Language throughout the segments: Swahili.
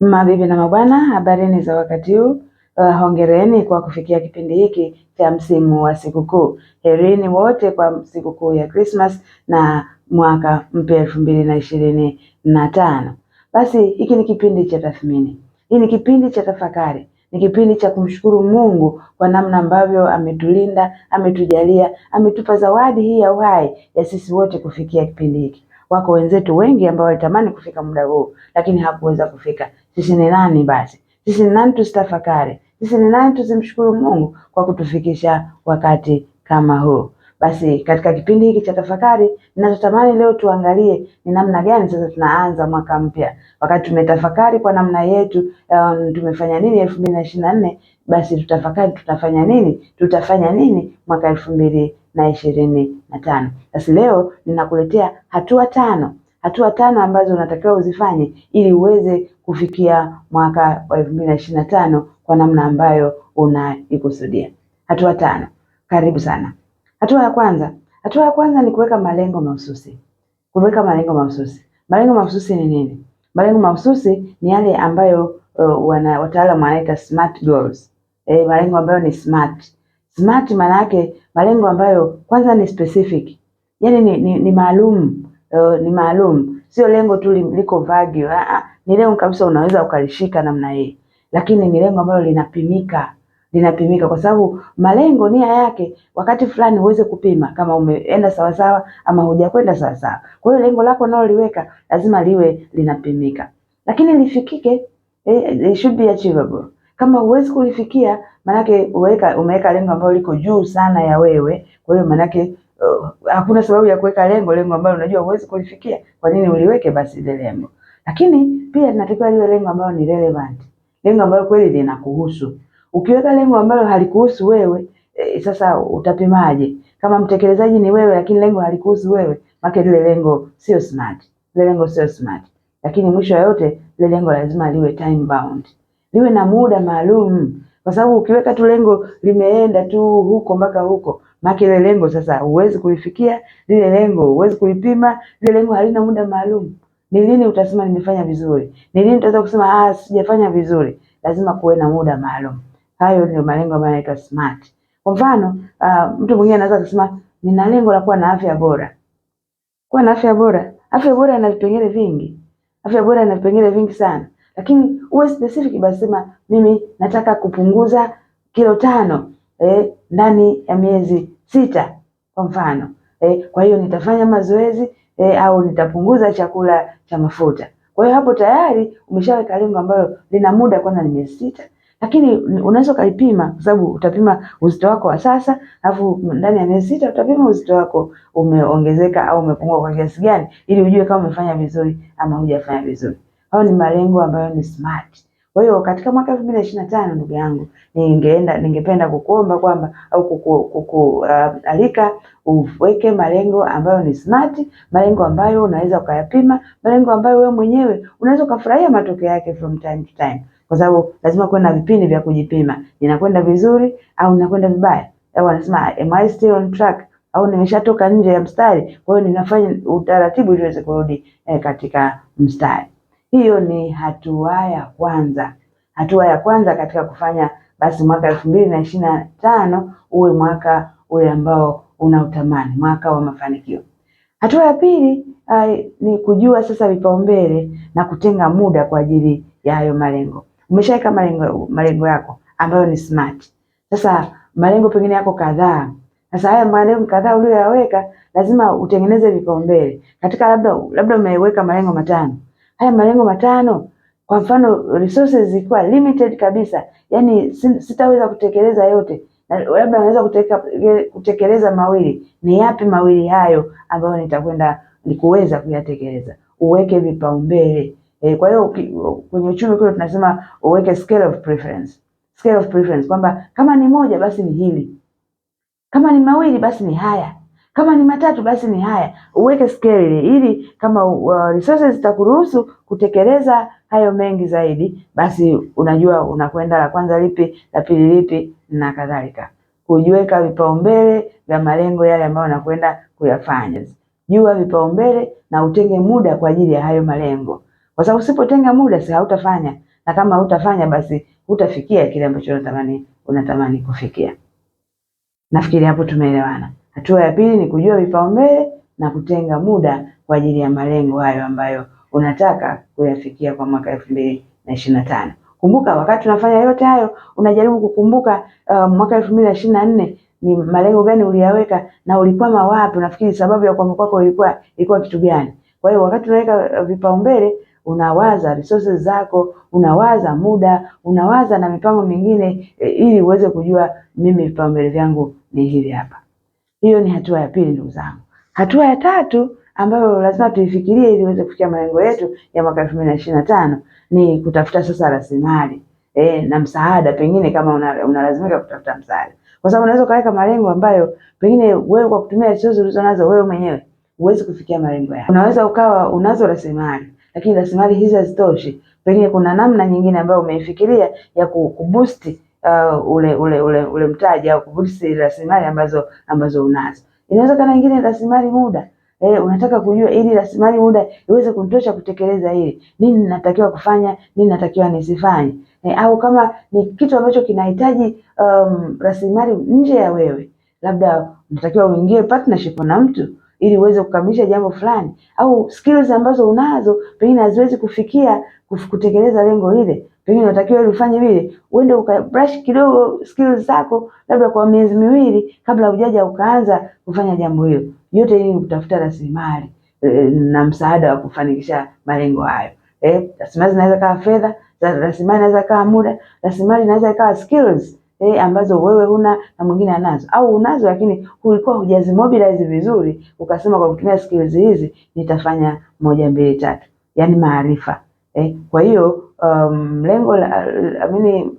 Mabibi na mabwana, habarini za wakati huu. Uh, hongereni kwa kufikia kipindi hiki cha msimu wa sikukuu. Herini wote kwa sikukuu ya Christmas na mwaka mpya elfu mbili na ishirini na tano. Basi hiki ni kipindi cha tathmini, hii ni kipindi cha tafakari, ni kipindi cha kumshukuru Mungu kwa namna ambavyo ametulinda, ametujalia, ametupa zawadi hii ya uhai ya sisi wote kufikia kipindi hiki. Wako wenzetu wengi ambao walitamani kufika muda huu, lakini hakuweza kufika. Sisi ni nani basi? Sisi ni nani tusitafakari? Sisi ni nani tusimshukuru Mungu kwa kutufikisha wakati kama huu? Basi katika kipindi hiki cha tafakari, ninachotamani leo tuangalie ni namna gani sasa tunaanza mwaka mpya. Wakati tumetafakari kwa namna yetu, um, tumefanya nini elfu mbili na ishirini na nne, basi tutafakari tutafanya nini, tutafanya nini mwaka elfu mbili na ishirini na tano. Sasa leo ninakuletea hatua tano, hatua tano ambazo unatakiwa uzifanye ili uweze kufikia mwaka wa elfu mbili na ishirini na tano kwa namna ambayo unaikusudia. Hatua tano, karibu sana. Hatua ya kwanza, hatua ya kwanza ni kuweka malengo mahususi. Kuweka malengo mahususi. Malengo mahususi ni nini? Malengo mahususi ni yale ambayo uh, wana wataalamu wanaita smart goals. E, malengo ambayo ni smart Smart maana yake malengo ambayo kwanza ni specific, yani ni, ni, ni maalum uh, ni maalum, sio lengo tu liko vague. uh, uh, ni lengo kabisa unaweza ukalishika namna hii, lakini ni lengo ambalo linapimika linapimika kwa sababu malengo nia yake wakati fulani huweze kupima kama umeenda sawasawa ama hujakwenda sawasawa. Kwa hiyo lengo lako unaloliweka lazima liwe linapimika, lakini lifikike. Eh, eh, it should be achievable. Kama huwezi kulifikia, maanake uweka umeweka lengo ambalo liko juu sana ya wewe. Kwa hiyo maanake uh, hakuna sababu ya kuweka lengo lengo ambalo unajua huwezi kulifikia. Kwa nini uliweke basi ile lengo? Lakini pia tunatakiwa ile lengo ambalo ni relevant, lengo ambalo kweli linakuhusu. Ukiweka lengo ambalo halikuhusu wewe e, sasa utapimaje? Kama mtekelezaji ni wewe, lakini lengo halikuhusu wewe, maana lile lengo sio smart, lile lengo sio smart. Lakini mwisho wa yote lile lengo lazima liwe time bound liwe na muda maalum, kwa sababu ukiweka tu lengo limeenda tu huko mpaka huko, maki ile lengo sasa huwezi kulifikia, lile lengo huwezi kulipima, lile lengo halina muda maalum. Ni lini utasema nimefanya vizuri? Ni lini utaweza kusema ah, sijafanya vizuri? Lazima kuwe na muda maalum. Hayo ndio malengo ambayo yanaitwa SMART. Kwa mfano, uh, mtu mwingine anaweza kusema nina lengo la kuwa na afya bora. Kuwa na afya bora, afya bora ina vipengele vingi, afya bora ina vipengele vingi sana lakini uwe specific, basi sema mimi nataka kupunguza kilo tano eh, ndani ya miezi sita kwa mfano eh, kwa hiyo nitafanya mazoezi eh, au nitapunguza chakula cha mafuta. Kwa hiyo hapo tayari umeshaweka lengo ambalo lina muda, kwanza ni miezi sita, lakini unaweza ukaipima kwa sababu utapima uzito wako wa sasa, alafu ndani ya miezi sita utapima uzito wako umeongezeka au umepungua kwa kiasi gani, ili ujue kama umefanya vizuri ama hujafanya vizuri. Hayo ni malengo ambayo ni smart. Kwa hiyo katika mwaka elfu mbili na ishirini na tano ndugu yangu, ningeenda ningependa kukuomba kwamba au kukualika uh, uweke malengo ambayo ni smart, malengo ambayo unaweza ukayapima, malengo ambayo wewe mwenyewe unaweza ukafurahia matokeo yake from time to time, kwa sababu lazima kuwe na vipindi vya kujipima, ninakwenda vizuri au ninakwenda vibaya, au anasema am I still on track au nimeshatoka nje ya mstari. Kwa hiyo ninafanya utaratibu ili uweze kurudi eh, katika mstari. Hiyo ni hatua ya kwanza. Hatua ya kwanza katika kufanya basi mwaka elfu mbili na ishirini na tano uwe mwaka ule ambao unautamani, mwaka wa mafanikio. Hatua ya pili ay, eh, ni kujua sasa vipaumbele na kutenga muda kwa ajili ya hayo malengo. Umeshaweka malengo, malengo yako ambayo ni smart. Sasa malengo pengine yako kadhaa. Sasa haya malengo kadhaa uliyoyaweka lazima utengeneze vipaumbele katika, labda labda umeweka malengo matano, haya malengo matano. Kwa mfano resources zikiwa limited kabisa, yani sitaweza kutekeleza yote, na labda naweza kutekeleza mawili. Ni yapi mawili hayo ambayo nitakwenda nikuweza kuyatekeleza? Uweke vipaumbele. E, kwa hiyo kwenye uchumi kule tunasema uweke scale of preference, scale of preference kwamba kama ni moja basi ni hili, kama ni mawili basi ni haya. Kama ni matatu basi ni haya, uweke scale ili kama uh, resources zitakuruhusu kutekeleza hayo mengi zaidi, basi unajua unakwenda la kwanza lipi, la pili lipi na kadhalika. Kujiweka vipaumbele vya malengo yale ambayo unakwenda kuyafanya. Jua vipaumbele na utenge muda kwa ajili ya hayo malengo, kwa sababu usipotenga muda si hautafanya, na kama hautafanya basi hutafikia kile ambacho unatamani unatamani kufikia. Nafikiri hapo tumeelewana. Hatua ya pili ni kujua vipaumbele na kutenga muda kwa ajili ya malengo hayo ambayo unataka kuyafikia kwa mwaka elfu mbili na ishirini na tano. Kumbuka wakati unafanya yote hayo unajaribu kukumbuka uh, mwaka elfu mbili na ishirini na nne ni malengo gani uliyaweka na ulikwama wapi, unafikiri sababu ya kukwama kwako ilikuwa ilikuwa kitu gani? Kwa hiyo wakati unaweka uh, vipaumbele unawaza resources zako, unawaza muda, unawaza na mipango mingine e, ili uweze kujua mimi vipaumbele vyangu ni hivi hapa. Hiyo ni hatua ya pili, ndugu zangu. Hatua ya tatu ambayo lazima tuifikirie ili iweze kufikia malengo yetu ya mwaka elfu mbili na ishirini na tano ni kutafuta sasa rasilimali e, na msaada pengine kama unalazimika una kutafuta msaada, kwa sababu unaweza ukaweka malengo ambayo pengine wewe kwa kutumia resources nazo wewe mwenyewe huwezi kufikia malengo yako. Unaweza ukawa unazo rasilimali lakini rasilimali hizi hazitoshi, pengine kuna namna nyingine ambayo umeifikiria ya kubusti uh, ule ule ule ule mtaji au kuvuta rasilimali ambazo ambazo unazo. Inawezekana nyingine rasilimali muda Eh, unataka kujua ili rasilimali muda iweze kunitosha kutekeleza hili, nini natakiwa kufanya, nini natakiwa nisifanye, eh, au kama ni kitu ambacho kinahitaji um, rasilimali nje ya wewe, labda unatakiwa uingie partnership na mtu ili uweze kukamilisha jambo fulani, au skills ambazo unazo pengine haziwezi kufikia kutekeleza lengo lile, pengine unatakiwa ili ufanye vile uende ukabrush kidogo skills zako labda kwa miezi miwili kabla hujaja ukaanza kufanya jambo hilo. Yote hii ni kutafuta rasilimali e, na msaada wa kufanikisha malengo hayo. Eh, rasilimali zinaweza kawa fedha, rasilimali inaweza kawa muda, rasilimali inaweza ikawa skills eh, ambazo wewe huna na mwingine anazo au unazo lakini ulikuwa hujazimobilize vizuri, ukasema kwa kutumia skills hizi nitafanya moja mbili tatu, yani maarifa Eh, kwa hiyo um, lengo la amini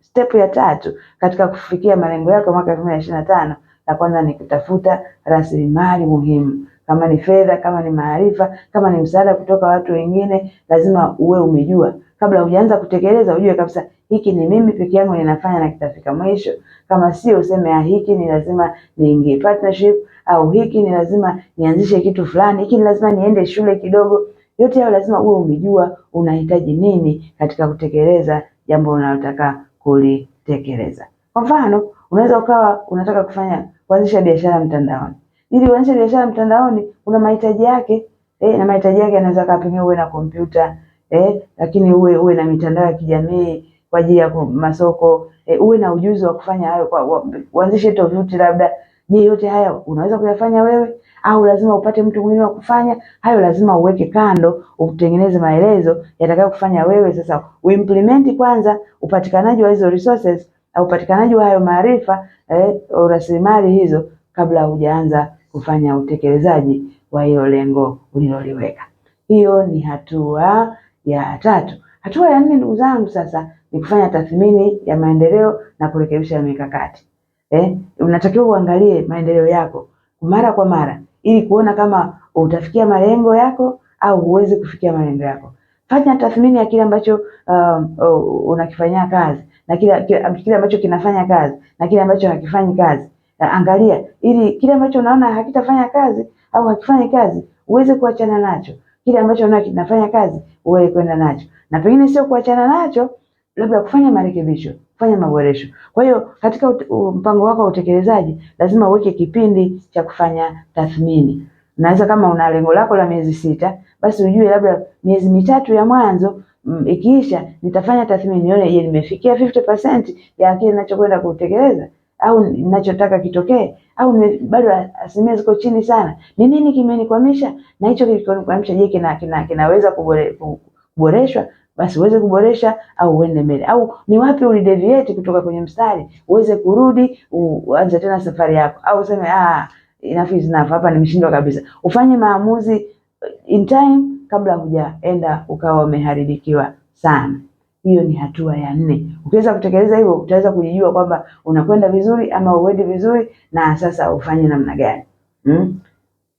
step ya tatu katika kufikia malengo yako mwaka 2025 la kwanza ni kutafuta rasilimali muhimu kama ni fedha, kama ni maarifa, kama ni msaada kutoka watu wengine, lazima uwe umejua kabla hujaanza kutekeleza, ujue kabisa hiki ni mimi peke yangu ninafanya na kitafika mwisho. Kama sio useme ah, hiki ni lazima niingie partnership, au hiki ni lazima nianzishe kitu fulani, hiki ni lazima niende shule kidogo. Yote hayo lazima uwe umejua unahitaji nini katika kutekeleza jambo unalotaka kulitekeleza. Kwa mfano, unaweza ukawa unataka kufanya kuanzisha biashara mtandaoni. Ili uanzishe biashara mtandaoni, una mahitaji yake eh, na mahitaji yake anaweza kapimia uwe na kompyuta eh, lakini uwe uwe na mitandao ya kijamii kwa ajili ya masoko eh, uwe na ujuzi wa kufanya hayo, uanzishe tovuti labda Je, yote haya unaweza kuyafanya wewe au lazima upate mtu mwingine wa kufanya? Hayo lazima uweke kando, utengeneze maelezo kufanya wewe sasa uimplement kwanza upatikanaji wa hizo resources au upatikanaji wa hayo maarifa eh, rasilimali hizo kabla hujaanza kufanya utekelezaji wa hilo lengo uliloliweka. Hiyo ni hatua ya tatu. Hatua ya nne, ndugu zangu, sasa ni kufanya tathmini ya maendeleo na kurekebisha mikakati eh, unatakiwa uangalie maendeleo yako mara kwa mara ili kuona kama utafikia malengo yako au huwezi kufikia malengo yako. Fanya tathmini ya kile ambacho uh, unakifanyia kazi na kile ambacho kinafanya kazi na kile ambacho hakifanyi kazi. Angalia ili kile ambacho unaona hakitafanya kazi au hakifanyi kazi uweze kuachana nacho, kile ambacho unaona kinafanya kazi uweze kwenda nacho, na pengine sio kuachana nacho labda kufanya marekebisho, kufanya maboresho. Kwa hiyo katika mpango wako wa utekelezaji lazima uweke kipindi cha kufanya tathmini. naweza kama una lengo lako la miezi sita, basi ujue labda miezi mitatu ya mwanzo mm, ikiisha nitafanya tathmini nione, je, nimefikia 50% ya kile ninachokwenda kutekeleza au ninachotaka kitokee, au bado asilimia ziko chini sana. Ni nini kimenikwamisha, na hicho kilichonikwamisha, je, kina, kina, kinaweza kuboreshwa basi uweze kuboresha au uende mbele, au ni wapi ulideviate kutoka kwenye mstari uweze kurudi uanze tena safari yako, au useme ah, enough is enough, hapa nimeshindwa kabisa. Ufanye maamuzi uh, in time kabla hujaenda ukawa umeharibikiwa sana. Hiyo ni hatua ya nne. Ukiweza kutekeleza hivyo, utaweza kujijua kwamba unakwenda vizuri ama uendi vizuri, na sasa ufanye namna gani hmm?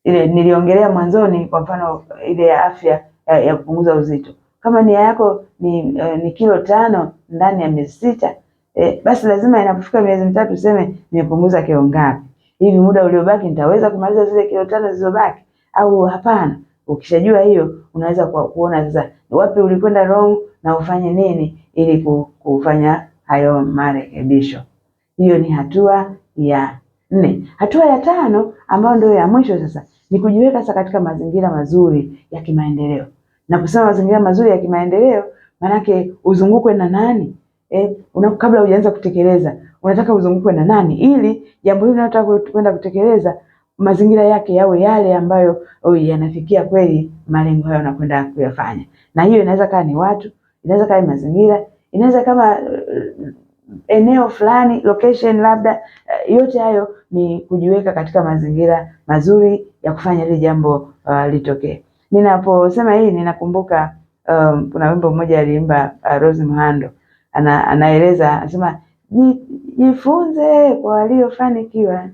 Ile niliongelea mwanzoni, kwa mfano ile ya afya ya, ya kupunguza uzito kama nia yako ni, uh, ni kilo tano ndani ya miezi sita eh, basi lazima inapofika miezi mitatu useme nimepunguza kilo ngapi, hivi muda uliobaki nitaweza kumaliza zile kilo tano zilizobaki au hapana? Ukishajua hiyo unaweza kuona sasa wapi ulikwenda wrong na ufanye nini ili kufanya hayo marekebisho. Hiyo ni hatua ya nne. Hatua ya tano ambayo ndio ya mwisho sasa ni kujiweka sasa katika mazingira mazuri ya kimaendeleo na kusema mazingira mazuri ya kimaendeleo, manake uzungukwe na nani? E, una, kabla hujaanza kutekeleza unataka uzungukwe na nani, ili jambo hili unataka kwenda kutekeleza mazingira yake yawe yale ambayo yanafikia kweli malengo hayo unakwenda kuyafanya. Na hiyo inaweza kaa ni watu, inaweza kaa ni mazingira, inaweza kama eh, eneo fulani location labda. uh, Yote hayo ni kujiweka katika mazingira mazuri ya kufanya hili jambo uh, litokee. Ninaposema hii ninakumbuka um, kuna wimbo mmoja aliimba uh, Rose Muhando ana, anaeleza anasema jifunze kwa waliofanikiwa,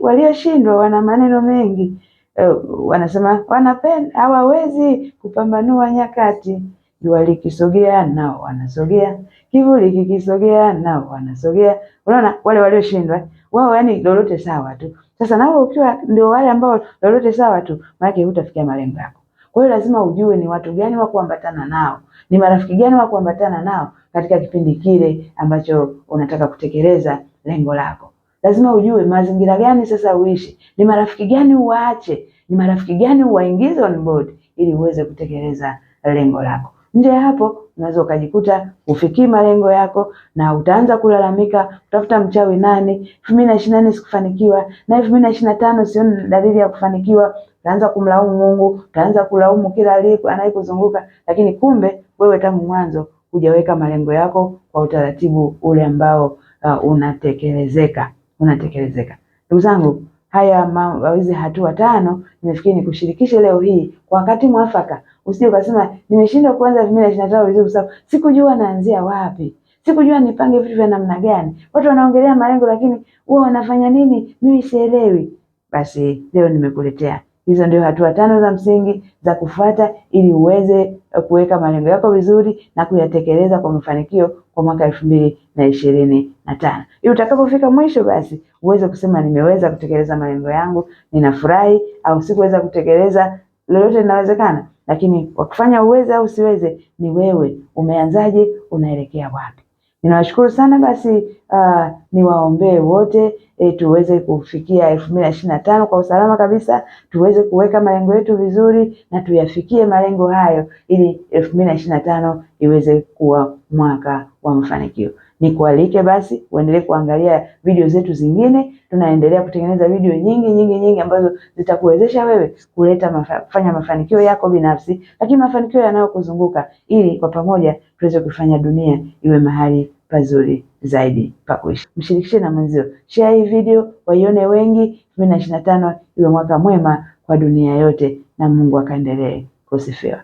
walioshindwa wana maneno mengi uh, wanasema wanapenda hawawezi kupambanua nyakati. Jua likisogea nao wanasogea, kivuli kikisogea nao wanasogea. Unaona wale walioshindwa wao, yani lolote sawa tu, sasa nawe ukiwa ndio wale ambao lolote sawa tu, maana hutafikia malengo yako. Kwa hiyo lazima ujue ni watu gani wa kuambatana nao, ni marafiki gani wa kuambatana nao katika kipindi kile ambacho unataka kutekeleza lengo lako. Lazima ujue mazingira gani sasa uishi, ni marafiki gani uwaache, ni marafiki gani uwaingize on board ili uweze kutekeleza lengo lako. Nje ya hapo unaweza ukajikuta ufikii malengo yako na utaanza kulalamika, utafuta mchawi nani, elfu mbili na ishirini na nne sikufanikiwa, na elfu mbili na ishirini na tano sioni dalili ya kufanikiwa. Utaanza kumlaumu Mungu, utaanza kulaumu kila anayekuzunguka, lakini kumbe wewe tangu mwanzo hujaweka malengo yako kwa utaratibu ule ambao uh, unatekelezeka unatekelezeka. Ndugu zangu Haya mawezi hatua tano nimefikiri nikushirikishe leo hii kwa wakati mwafaka, usije ukasema nimeshindwa kuanza elfu mbili na ishirini na tano vizuri, sababu sikujua naanzia wapi, sikujua nipange vitu vya namna gani. Watu wanaongelea malengo, lakini wao wanafanya nini? Mimi sielewi. Basi leo nimekuletea Hizo ndio hatua tano za msingi za kufuata ili uweze eh, kuweka malengo yako vizuri na kuyatekeleza kwa mafanikio kwa mwaka elfu mbili na ishirini na tano ili utakapofika mwisho, basi uweze kusema nimeweza kutekeleza malengo yangu, ninafurahi, au sikuweza kutekeleza. Lolote linawezekana, lakini wakufanya uweze au usiweze, ni wewe umeanzaje, unaelekea wapi? Ninawashukuru sana basi, uh, niwaombee wote e, tuweze kufikia elfu mbili na ishirini na tano kwa usalama kabisa, tuweze kuweka malengo yetu vizuri na tuyafikie malengo hayo ili elfu mbili na ishirini na tano iweze kuwa mwaka wa mafanikio. Nikualike basi uendelee kuangalia video zetu zingine. Tunaendelea kutengeneza video nyingi nyingi nyingi ambazo zitakuwezesha wewe kuleta mafa, kufanya mafanikio yako binafsi, lakini mafanikio yanayokuzunguka, ili kwa pamoja tuweze kufanya dunia iwe mahali pazuri zaidi pa kuishi. Mshirikishe na mwenzio, share hii video waione wengi. 2025 iwe mwaka mwema kwa dunia yote, na Mungu akaendelee kusifiwa.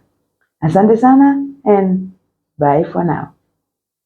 Asante sana and bye for now.